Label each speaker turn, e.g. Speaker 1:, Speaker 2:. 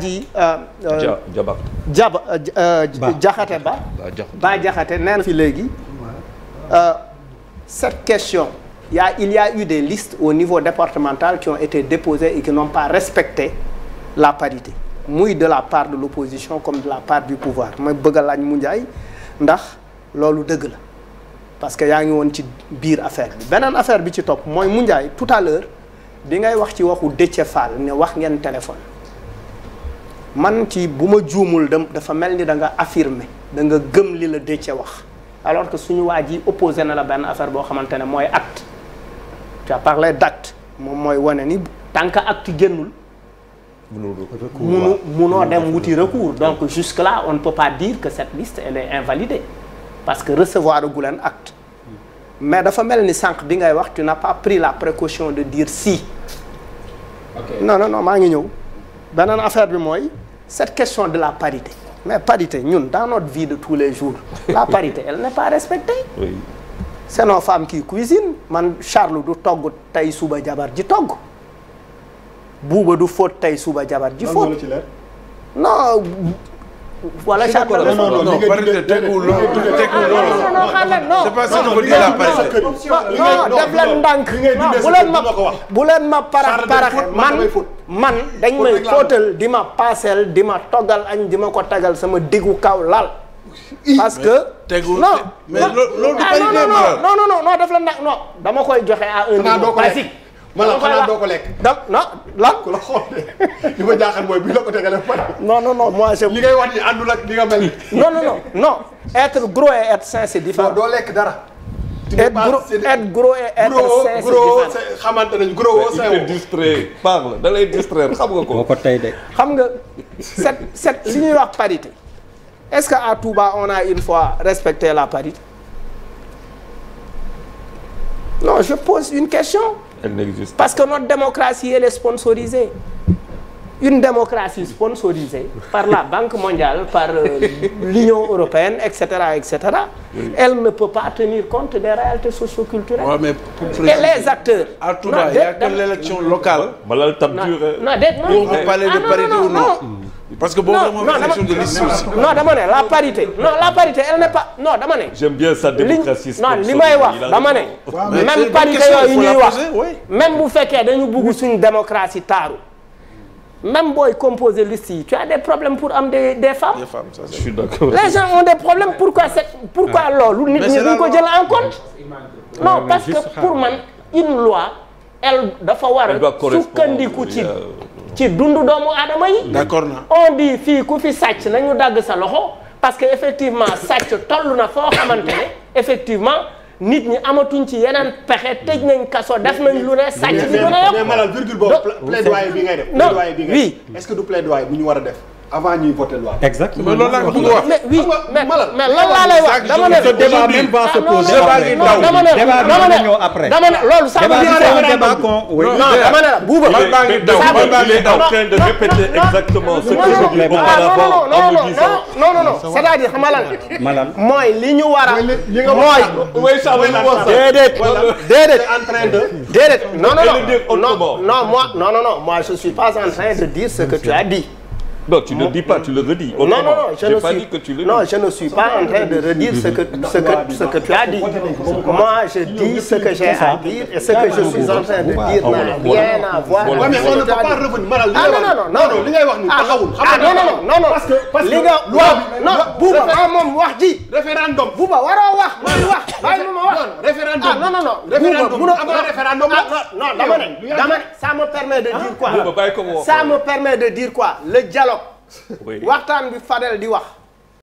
Speaker 1: ji euh, euh, jaba jaba euh, jaxate ba ba jaxate nee fi léegi cette question il y a il y eu des listes au niveau départemental qui ont été déposées et qui n'ont pas respecté la parité muy de la part de l'opposition comme de la part du pouvoir ma bëgg a mu njaay ndax loolu dëgg la parce que yaa ngi woon ci biir affaire bi beneen affaire bi ci topp mooy mu njaay tout à l'heure bi ngay wax ci waxu Déthié Fall ne wax ngeen téléphone man ci bu ma juumul dem dafa mel ni da nga affirmer da nga gëm li la Déthié wax alors que suñu waa ji opposé na la benn affaire boo xamante ne mooy acte tu as parlé moom mooy wane ni tant que acte génnul munu munoo dem wuti recours donc jusque là on ne peut pas dire que cette liste elle est parce que recevoir gu leen acte mais dafa mel ni sànq bi ngay wax tu n'as pas pris la précaution de dire si okay. non maa ngi ñëw beneen affaire bi mooy cette question de la parité mais parité ñun dans notre vie de tous les jours la parité el n'est pa respectée senon c'est ki femmes man Charles du togg tey suba jabar ji togg buuba du fóot tey suba jabar ji fóot non voilà charte la non non non parité tekkuwul loolu tekkuwul loolu. la parité. non bu leen ma bu leen ma parax parax man man dañ may fóotal di ma paaseel di ma toggal añ di ma ko tagal sama diggu kaw laal. parce que non mais loolu du ah, parité dama koy joxe à un niveau ma la xanaa doo ko lekk. dal non lan. ku la xool de li ma jaaxal mooy bi la ko tegalee pare. non non non moi c'est. li ngay wax ni àndul ak li nga mel. non non non non être gros et être sain c'est différent. doo lekk dara. être gros être gros et être sain c'est différent. xamante nañu gros sain il fait distraire parle da lay distraire xam nga ko. moo ko tey de. xam nga set set li ñuy wax parité est-ce que à Touba on a une fois respecté la parité non je pose une question. Elle Parce que notre démocratie, elle est sponsorisée. Une démocratie sponsorisée par la Banque mondiale, par euh, l'Union européenne, etc., etc., oui. elle ne peut pas tenir compte des réalités socioculturelles. Ouais, Et les acteurs. À Touba, il locale. Non, non, non, ah, non, non, non, non, non, non, non parce que boo demoon élection de liste aussi. non dama ne la parité non la parité elle n'est pas non dama li may wax dama ne. même parité yooyu ñuy wax même bu fekkee daño bugg suñu démocratie taaru. même booy composer liste yi tu as des problèmes pour am des des femmes. les gens ont des problèmes pourquoi c'est pourquoi ah. loolu. nit ñi duñ ko jël en non parce que pour man une loi elle dafa war a sukkandiku ci. Euh, ci dundu doomu aadama yi. d'accord na on dit fii ku fi sàcc nañu dagg sa loxo parce que effectivement sàcc tollu na foo xamante ne effectivement nit ñi amatuñ ci yeneen pexe tëj nañ kaso def nañ lu ne sàcc bi gën a yokk mais mais Malal virgule boobu plaidoyer bi ngay bu ñu war a def. avant ñuy voter loi. exactement mais loolu laa bëgg wax mais oui mais mais lan laa lay wax. dama ne ce débat même va se ah poser après. dama ne dama ne ñëw après. dama ne loolu ça veut dire que débat con. oui non dama ne la Bouba. man maa ngi daw man maa ngi daw en train de répéter exactement ce que je dis auparavant non non non non non c'est-à-dire xam nga lan mooy li ñu war a. mooy déedéet déedéet en train de. déedéet non non non non non moi non non non moi je suis pas en train de dire ce que tu as dit. non tu ne dis pas tu le redis. non non non je ne suis pas en train de redire tu as moi je dis ce que je suis en train n'a rien à voir. on ne peut pas revenir ah non non non wax ni ah, taxawul. ah non wax ji. référendum référendum ah, non non non. référendum avant référendum ah, non dama ne permet de dire quoi ça me permet le dialogue waxtaan bi Fadel di wax